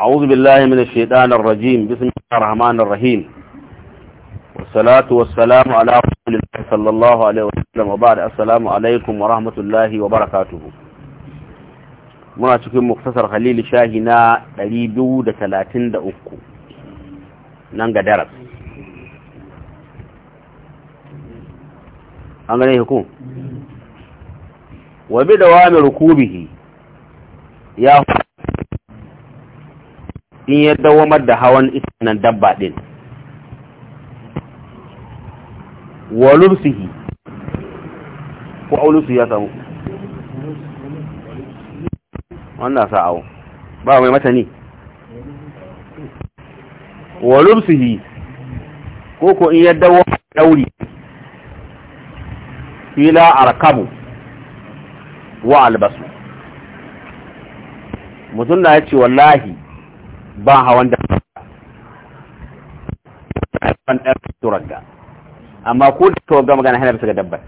أعوذ بالله من الشيطان الرجيم بسم الله الرحمن الرحيم والصلاة والسلام على رسول الله صلى الله عليه وسلم وبعد السلام عليكم ورحمة الله وبركاته muna cikin muktasar khalil shahi na 233 nan ga daras an gane hukum wa bi dawami rukubihi ya in ya dawamar da hawan itanan dabba din wa ko aulusu ya samu wannan sa'awo ba mai mata ni wa ko ko in ya dawamar dauri fila arkabu wa albasu mutum na ya ce wallahi ba hawan da ban ɗan turagga amma ko da ta ga magana hana bisa ga dabbar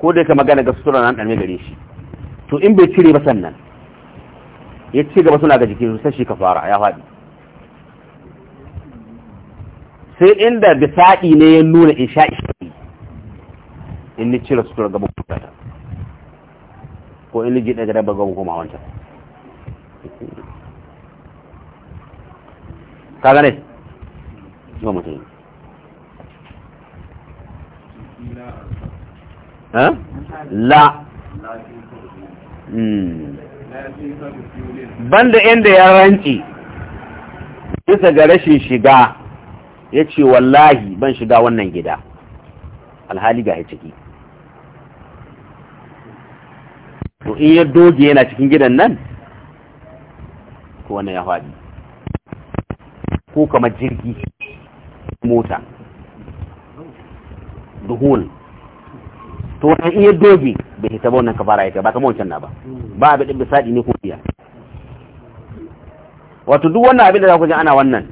ko da ka magana ga sutura nan ɗanme gare shi to in bai cire ba sannan ya ci gaba suna ga jiki su sai shi ka fara ya faɗi sai inda bisaɗi ne ya nuna in sha isha'i in ni cire sutura gaba kuma ko in ni jiɗa ga dabbar gaba kuma wancan ka gane ba mutum la hmm. banda inda ya ranci bisa ga rashin shiga ya ce wallahi ban shiga wannan gida alhali ga ya ciki to in ya doge yana cikin gidan nan ko wannan ya faɗi ko kamar jirgi mota duhul to wani iya dogi bai hita ba wannan kafara ita ba kama wancan na ba ba a bidin bisadi ne ko iya wato duk wannan abin da za ku ji ana wannan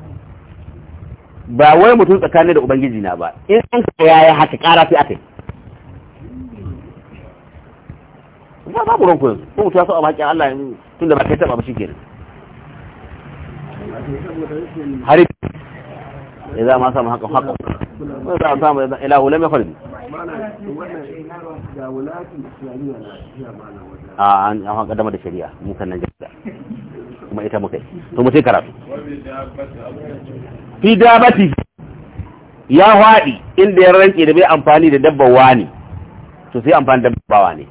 ba wai mutum tsakanin da ubangiji na ba in an ka yaya haka kara sai akai ba babu ranku yanzu ko mutu ya so a baki Allah da ba kai taba ba kenan. hari ya za ma samu haka haka ko za a samu ilahu lam yafrid a an an kaddama da shari'a mu kan nan jarida kuma ita muka yi to mu sai karatu fi dabati ya haɗi inda ya ranke da bai amfani da dabba wani, to sai amfani da dabba wani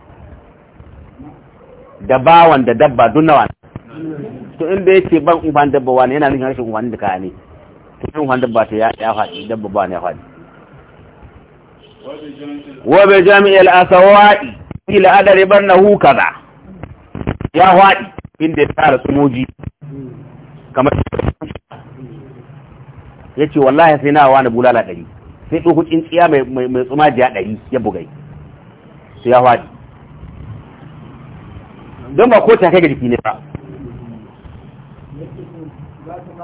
dabawan da dabba dunnawa wani. to in da yace ban uban dabba wani yana nufin rashin umfan da kaya ne to umfan dabba ta ya faɗi dabba ba ne ya faɗi wa bi jami'il asawai ila adari barnahu kaza ya faɗi inda ya tara sumoji kamar yace wallahi sai na wani bulala ɗari sai ɗauko tsiya mai tsumajiya ɗari ya bugai sai ya faɗi don ba ko ta kai ga jiki ne ba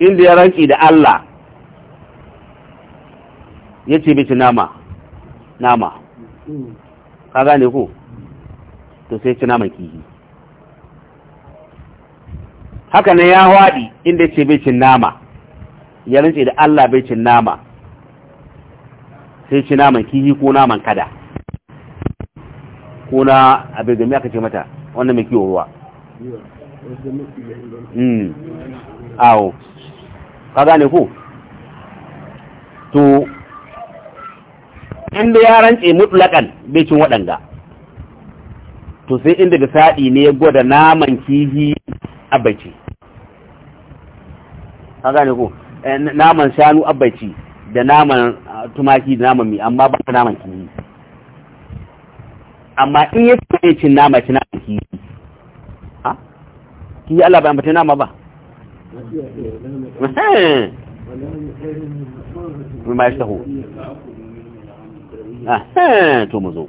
inda ya ranki da Allah ya ce mace nama nama ka gane ko to sai ci naman kihi haka ne ya waɗi inda ya ce mace nama ya ranci da Allah bicin nama sai ci naman kihi ko naman kada ko na abin da aka ce mata wannan mai kiwo ruwa mm. awo ka gane ku? to inda ya rantse mutlakan bai cin waɗanda to sai inda da saɗi ne ya gwada naman kihi abaici ka gane ku? Eh, naman shanu abaici da naman ah, tumaki da naman mi amma ba naman kihi amma in ya cin nama cin naman kihi ha kihi Allah bai ambata nama ba ma ya shaho ah, eh, to mu zo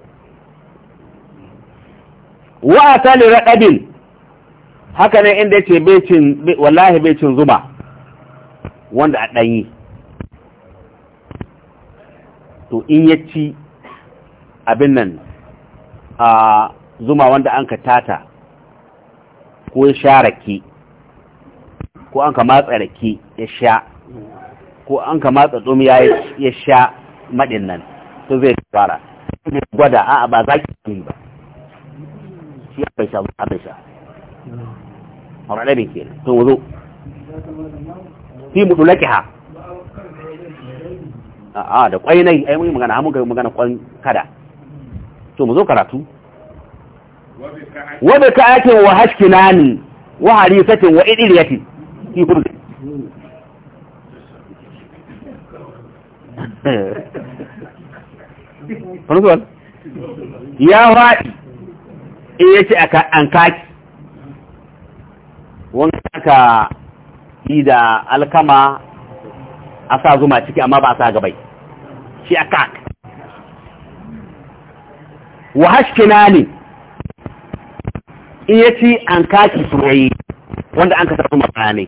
wa ta li raɗaɗin haka ne inda ce wallahi bai cin zuma wanda a ɗanyi to in ya ci abin nan a ah, zuma wanda an ka tata ko ya sha ko an ka matsa rake ya sha ko an ka matsa tsumiya ya sha maɗin nan to zai fara gwada a'a ba za ki yi ba shi bai sha a bai sha mara bin kenan to wuzo fi mutu lakiha a'a da kwai nai ai mun magana mun magana kwan kada to mu zo karatu wa bi ake wa hashkinani wa harisatin wa idiriyatin في خبز wani ya waɗi in e, ya ce an kaki wani aka yi da alkama a sa zuma ciki amma ba a sa gabai shi aka kak wa hashkina ne in ya ci an kaki soyayi wanda an kasar zuma bayanai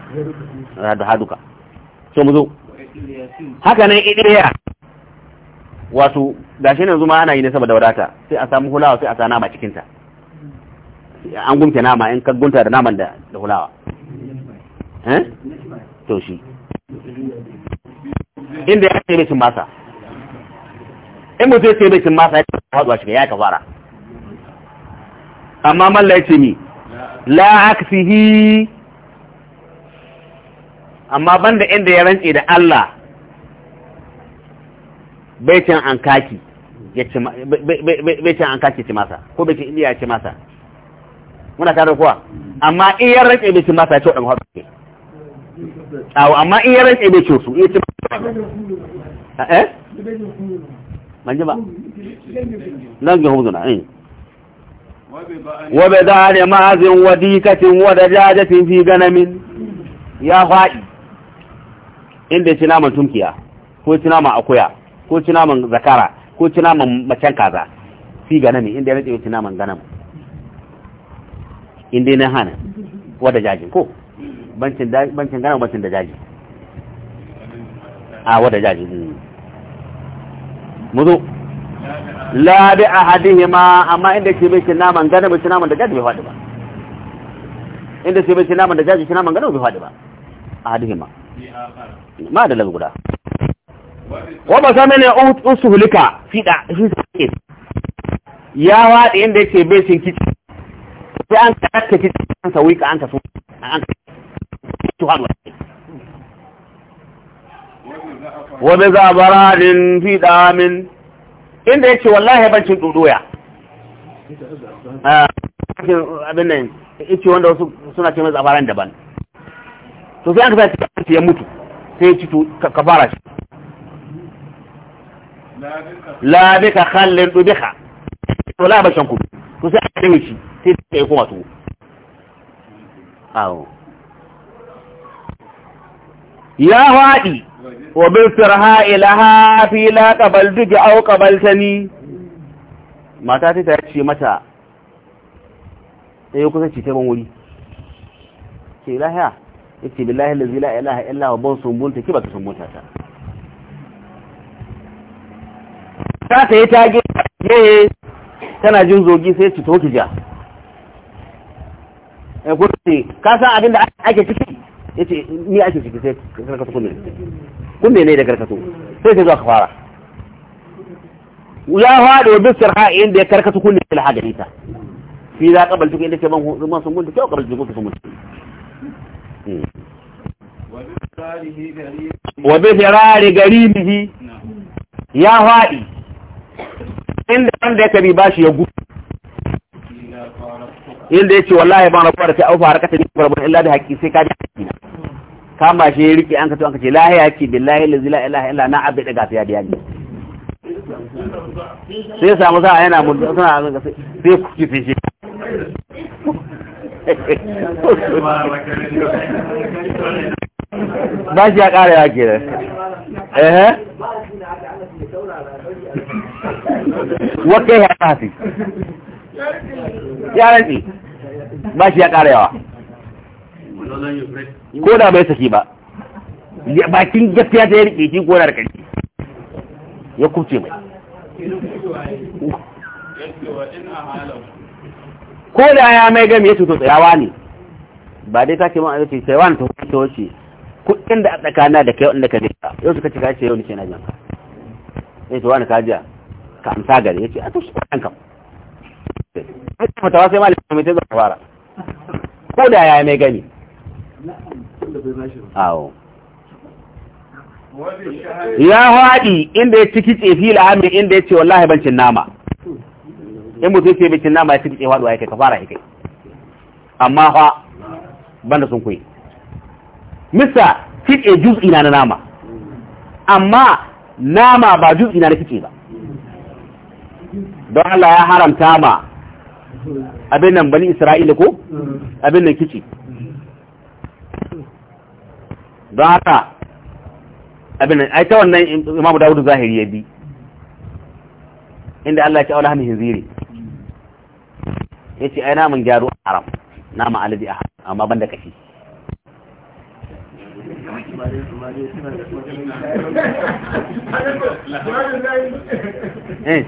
haduka duka so mu zo haka nan idiya wato gashi yanzu ma ana yi ne saboda wadata sai a samu hulawa sai a sa nama cikin ta an gunta nama in ka gunta da naman da da hulawa eh to shi inda ya ce cin masa in mu ya ce bai cin masa ya ce shi shiga ya kafara amma mallai ce ni la aksihi amma banda inda ya rantse da Allah baitin an kaki ya ci bai an kaki ci masa ko baitin iliya ci masa muna tare kuwa amma in ya rantse bai ci masa ya ce wadan haɗu ne awo amma in ya rantse bai ci su ya ci masa eh ban ji ba nan ga huduna eh wa bi ma'azin wadikatin wa dajajatin fi ganamin ya fa'i inda ya ci naman tunkiya ko ci naman akuya ko ci naman zakara ko ci naman macen kaza fi ganami inda ya rage ci naman ganam inda na hana wada jajin ko bancin ganam bancin da jaji a wada jaji hmm. muzo la bi ahadihima amma inda ke bai ci naman ganam ci naman da jaji bai faɗi ba inda ce bai ci naman da jaji ci naman ganam bai faɗi ba ahadihima ne ma da guda wa ba sa sami ne usuhulika fiɗa shi suke ya waɗe inda yake bai sun kici sai an karka kici an sauyi ka an ka su an ka su haɗu wani zabaradin fiɗa min inda yake wallahi bancin ɗuɗuya ah, abin nan yake wanda wasu suna ce mai zabaran daban to sai an ka ya mutu sai ci ka fara shi la bika khallin ka to la bashan ku to sai aka yi shi sai ta yi kuma tuwo awo ya haɗi wa bin sirha ilaha fi la qabal duki ta ni, mata ta ta ce mata sai eh, kusa ci ta ban wuri ke lahiya yace billahi lazi la ilaha illa huwa ban sumbunta ki sumbunta ta ta ta yi tage ne tana jin zogi sai ci toki ja eh ko sai ka san abinda ake ciki yace ni ake ciki sai karkato kunne kunne ne da karkato sai ka zo ka fara ya faɗo bisir sirha inda ya karkato kunne ila hagarita fi za ka baltuka inda ke ban sun mutu kyau ka sumbunta sun mutu wa bi firari garibihi ya faɗi inda wanda yake bi bashi ya gudu inda yake wallahi ba na fara ta au fara kata ni barbar illa da haki sai ka ji haki na kama shi riki an ka to an ka ce lahi haƙi billahi la ilaha illa na abin da gafiya da yaji sai samu sa yana mun suna ga sai ku ci you. ba shi ya ƙara ya ke ehe wakai ya kasi ya rafi ba shi ya ƙara yawa ko da bai saki ba bakin gaskiya ta yi rike shi ko da ƙarfi ya kuce mai ko da ya mai gami ya cuto tsayawa ne ba dai ta ce ma'ana ce tsayawa ta wuce kuɗin da a tsakana da kai wanda ka ka yau suka cika ce yau ni ke na jinka ne to wani kajiya ka amsa gare ya ce a tushe shi ɗan kam sai ka fatawa sai malin mai ta zaka fara ko da ya mai gani awo ya haɗi inda ya ciki tsefi la'amin, inda ya ce wallahi bancin nama in mutum ce bancin nama ya ciki tsefa haɗuwa ya kai ka fara ya kai amma fa banda sun kuyi misa fiɗe juz'i na nama amma nama ba juz'i na kitse ba don Allah ya haramta ma abin nan bani Isra'ila ko abin nan kici don haka abin nan ai ta wannan Imam Dawud zahiri ya bi inda Allah ya ce aula ziri ya ce ai naman gyaru a haram nama aladi a haram amma ban da kashi eh,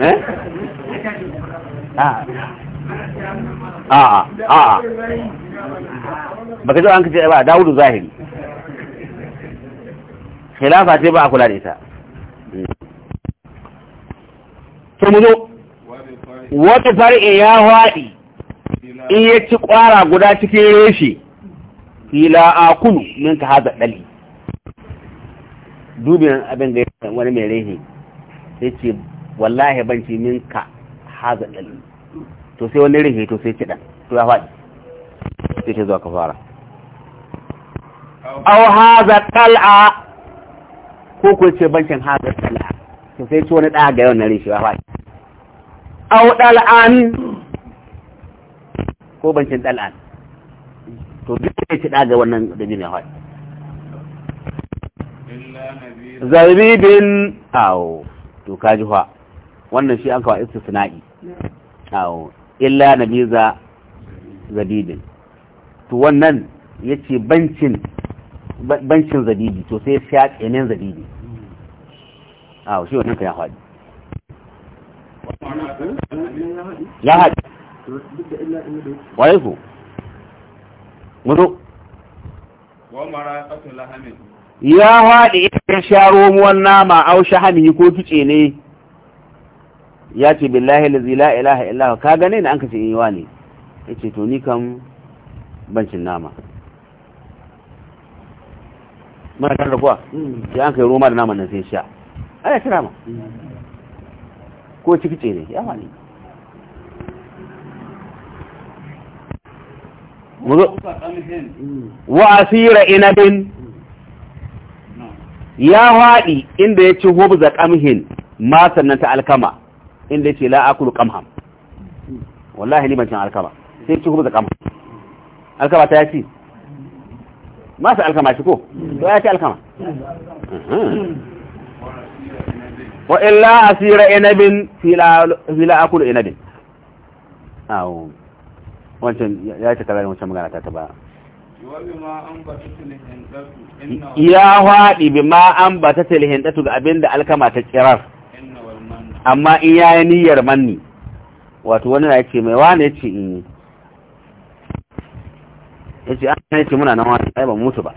eh? Ah. Ah, ah, an a a a zahiri khilafa ba a kula da ita hmm. wata far'in ya haɗi in ya ci ƙwara guda cikin reshe fila a kunu min ka haza ɗali dubin abin da ya wani mai rehe sai ce wallahi ban ci min ka haza ɗali to sai wani rehe to sai ci to ya faɗi sai ce zuwa ka fara au haza ɗal'a ko ko ce bankin haza ɗal'a to sai ci wani ɗaga yawan na reshe ya haɗi au dal'an ko bancin dal'an to duk da ci daga wannan da bin hawa zabibin awo to kaji fa wannan shi an kawo istisna'i awo illa nabiza zabibin to wannan yace bancin bancin zabibi to sai ya shaƙenin zabibi awo shi wannan kan ya faɗi lahadi waye ko mutu ya haɗi ya sha romuwan nama au shahami ko tuce ne ya ce billahi lazi la ilaha illahu ka gane na an ka yi eh, wa ne ya ce to ni kan bancin nama mana kan kuwa ya hmm. an kai roma da nama na sai sha ana shi nama hmm. ko ciki ne ya wani wa asira inabin ya haɗi inda ya ci hubza kamhin ma sannan ta alkama inda ya ce la'akulu ƙamham. wallahi liman cin alkama sai ci hubza ƙamham, alkama ta ya ci sa alkama shi ko to ya ci alkama wa illa asira inabin fila akulu inabin awo wancan ya ce kalarin wancan magana ta ta ba ya haɗi bi ma an ba ta tilhintatu ga abin da alkama ta kirar amma in ya yi niyyar manni wato wani na ce mai wane ya ce in yi ya ce an ah, ya muna nan wani ai ba mutu ba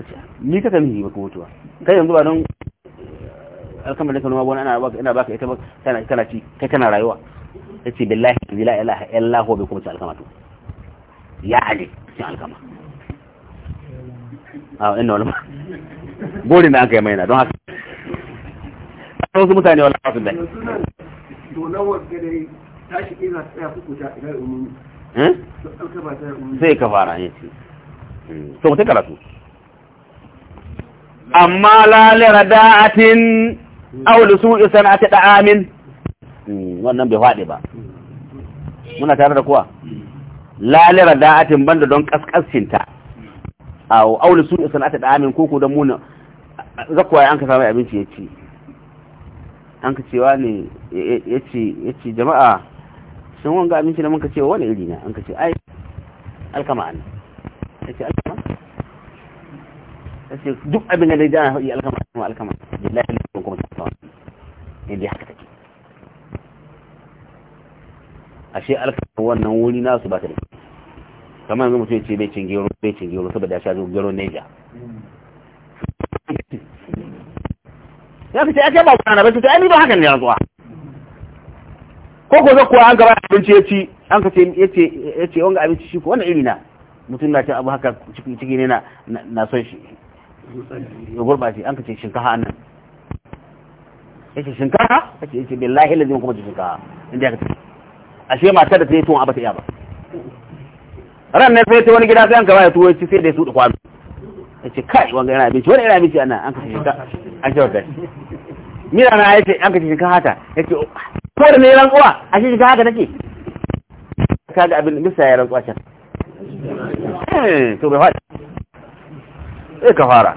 ya ce ni ka kan yi ba ka mutu ba kai yanzu ba don alkamar da noma gona ana baka ina baka ita tana tana ci kai tana rayuwa yace billahi la ilaha illa huwa bi kuma alkama to ya ali cin alkama a ah, inna wala gori na aka yi mai na don haka wasu mutane wala wasu dai to nan wanda dai tashi ina tsaya kuku ta ila umumi eh sai ka fara yace hmm, to karatu amma lalera da'atin su isa na ta amin, hmm, wannan bai faɗi ba muna tare da kuwa lalira da'atin banda don kaskascinta aw aw isa na sana'ati amin, ko ko don muna zakwa an ka samu abinci ya ci an ka cewa ne ya ce jama'a sun wanga abinci na muka cewa wani iri na an ka ce ai alkama'an ya ce sai duk abin da alkama ana faɗi alkama kuma alkama billahi lakum kuma ta ne eh, ya haka take ashe alkama wannan wuri nasu ba ta da kamar yanzu mutum ce bai cin gero bai cin gero saboda ya sha gero neja ya fi ce ake ba na bai ce ai ni ba haka ne ya zuwa ko ko zo kuwa an gaba abinci ya ci an ka ce ya ce wanga abinci shi ko wannan iri na mutum na ce abu haka ciki ne na son shi ya gurbace an ka ce shinkafa an nan ya ce shinkafa ya ce yace billahi lazim kuma ce shinkafa inda ya ka ce ashe matar da ta yi tuwon abata iya ba ran nan sai ta wani gida sai an ka baya tuwo ci sai da su da kwano ya ce kai wanga yana abinci wani yana abinci a nan an ka ce shinkafa an ce wadda mira na ya ce an ka ce shinkafa ta ya ce ko da ne a ce shinkafa ka take ga abin da misa ya uwa can eh, to bai faɗi sai ka fara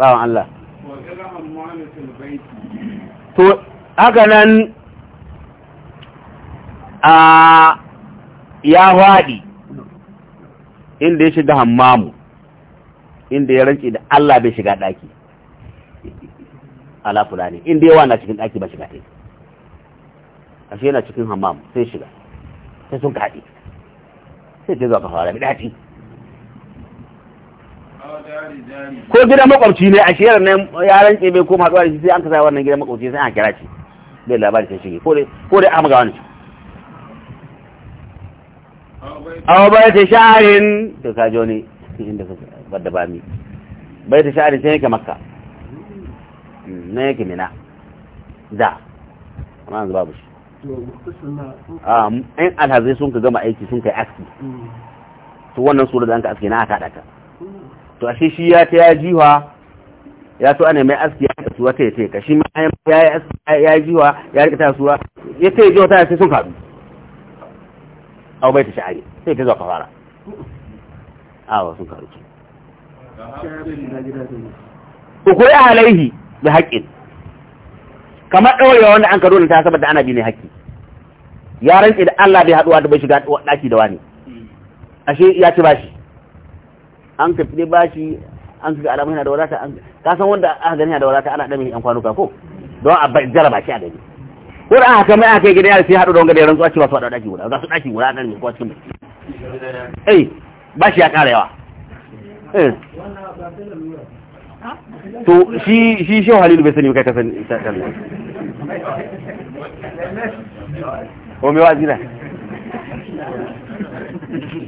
bawan Allah to haka nan a ya faɗi inda ya shiga hammamu inda ya rance da Allah bai shiga ɗaki ala fulani inda yawa na cikin ɗaki ba shiga ɗaki ashe yana cikin hammamu sai shiga sai sun kaɗi sai ce zuwa ka fara bi ɗaki ko gidan makwabci ne a shiyar ne ya rance bai koma haɗuwa shi sai an kasa wannan gidan makwabci sai an kira shi bai labari sai shige ko dai ga wani awa bai ta sha'arin to ka joni cikin da ka badda ba mi bai ta sha'arin sai yake makka hmm, na yake mina da amma yanzu babu shi ah, in alhazai sun ka gama aiki sun kai aski hmm. to wannan sura da an ka aski na aka haɗa to ashe shi ya ta ya jiwa ya to ana mai aski ya ta suwa ta ya ka shi ma ya yi aski ya jiwa ya rika ta suwa ya ta yi jiwa ta sai sun faɗu au bai ta sha'ari sai ta zuwa kafara awa sun faru Ku ukuri a halaihi da haƙƙin kamar ɗaurewa wanda an karo ta saboda ana bi ne haƙƙi ya rantse da Allah bai haɗuwa da bai shiga ɗaki da wani ashe ya ci bashi an ka fide bashi an ga alamun yana da wadata an ka san wanda aka gani yana da wadata ana dame yan kwanuka ko don a jaraba shi a gani ko da aka mai aka gida yar sai haɗu da wanga da rantsuwa cewa su daki guda za su daki guda nan ne ko cikin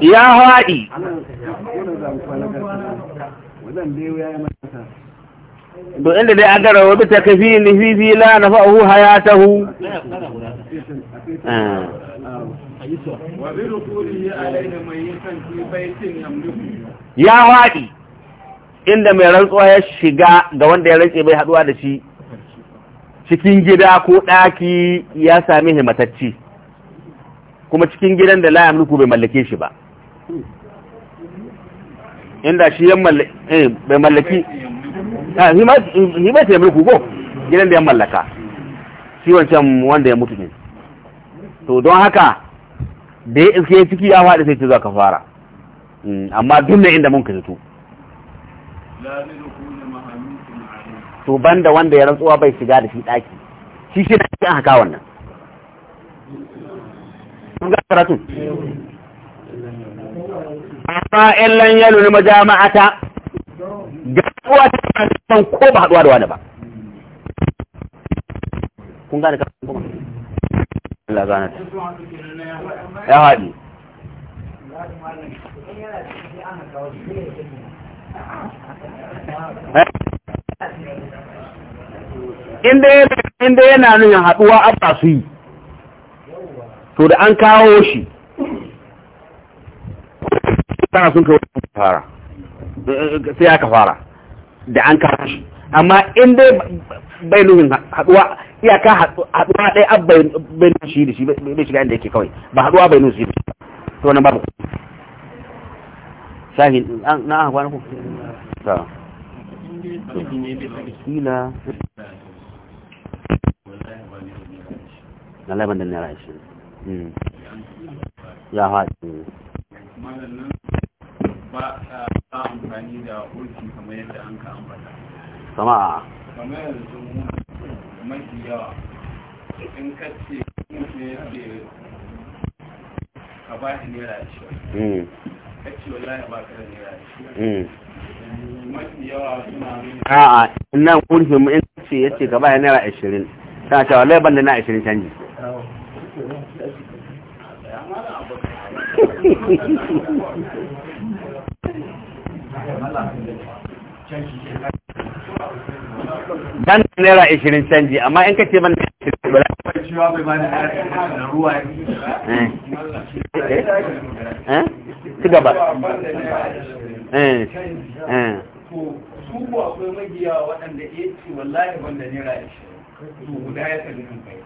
ya haɗi to inda dai an gara wani ta kafi ni fi fi la na fa'ahu hu eh. ya haɗi inda mai rantsuwa ya shiga ga wanda ya rantse bai haɗuwa da shi cikin gida ko ɗaki ya sami himatacci kuma cikin gidan da la mulku bai mallake shi ba inda shi yan eh, bai mallaki shi bai sai mulku ko gidan da ya mallaka shi wancan wanda ya mutu ne to don haka da ya iske ciki ya faɗi sai ce za ka fara mm, amma duk ne inda mun ka zato to banda wanda ya rantsuwa bai shiga da shi ɗaki shi shi na cikin haka wannan kun amma illan yalo majama'ata san ko ba haduwa da wani ba kun gane kuma eh? inda yana nuna haɗuwa abba su to da an kawo shi sana sun kawo shi fara sai aka fara da an kawo shi amma in dai bai nufin haduwa iyaka haduwa ɗaya abba bai nufin shi da shi bai shiga inda yake kawai ba haduwa bai nufin shi da shi to wani babu shahin na aka kwanan ku ta kila na laban da na rashi ya haɗe ba a amfani da ulki kamar yadda hmm. an hmm. ka ambata a kamar yanzu mafi yawa in ka ce ne ya ce ka ba shi nera ashirin ka ce wallahi ba ka da nera ashirin mafi yawa suna a'a nan kurfin mu in ce ya ce ka ba naira ashirin ta ce wallahi ban da na ashirin canji ban naira ishirin canji amma in ka ce ban naira ishirin ba eh. Eh? ci gaba eh. su kuwa akwai magiya waɗanda ya ce wallahi ban da naira ishirin to guda ya kalli kai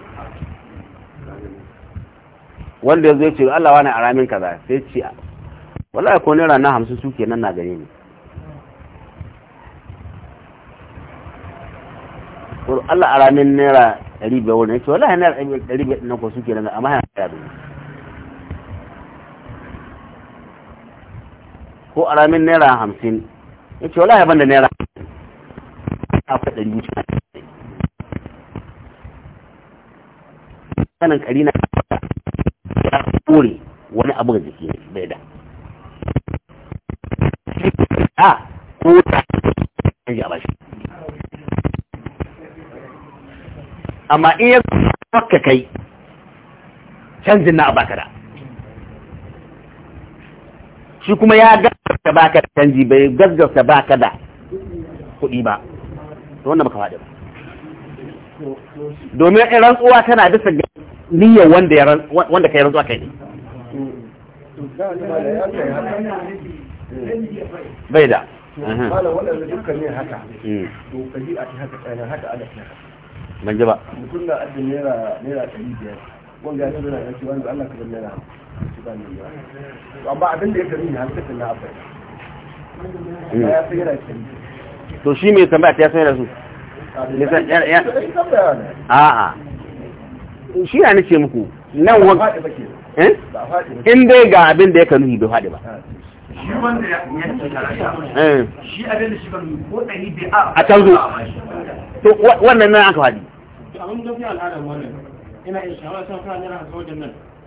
wanda ya zo ya ce Allah wani ramin kaza sai ce wallahi ko ne na hamsin su nan na gare ni Allah aramin naira ɗari biyar wani ya ce wallahi naira ɗari biyar na ko su nan amma yana da ni ko aramin naira hamsin ya ce wallahi ban da naira akwai ɗari wuce kanan ƙari na kore wani abu ga jiki bai da a ko ta amma in ya fakka kai canjin na baka da shi kuma ya gaggasta baka da canji bai gaggasta baka da kuɗi ba to wanda baka faɗi ba domin in rantsuwa tana bisa niyyar wanda ka yi rantsuwa kai ne bai da hmm. a ban ji ba mutum da adda naira naira ɗari biyar wanda ya zana ya ce wanda Allah ka naira ci ba naira amma abin da ya gari ne har sai na abai hmm. ya sai yana ci to shi mai tambaya ta ya sai da su a'a shi na nace muku nan wani eh? in dai ga abin da ya kanu bai faɗi ba shi wanda ya eh. shi abin da shi kanu ko ɗari bai a can zo wannan nan aka wannan ina in shawara san fara ne na wajen nan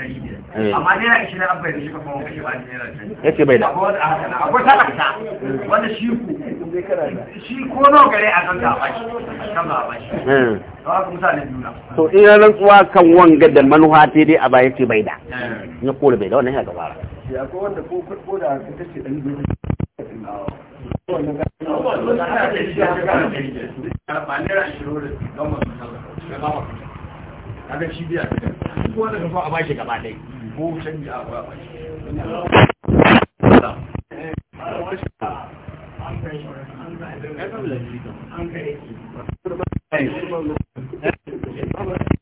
Eh. amma naira ishirin an bai da shi kuma kashe ba naira ya ce bai da akwai talaka wanda shi ku shi ko nawa gare a kan gaba A kan gaba shi to eh. haka mutane juna to in ya rantsuwa kan wanga da manuha ta dai a ya ce bai da ya eh. kore bai da wannan ya gabara ya akwai wanda ko ko da ka tace dan gudu ba naira ishirin da gama kaga shi biya duk wanda ka so a bashi gaba dai ko canji a ba bashi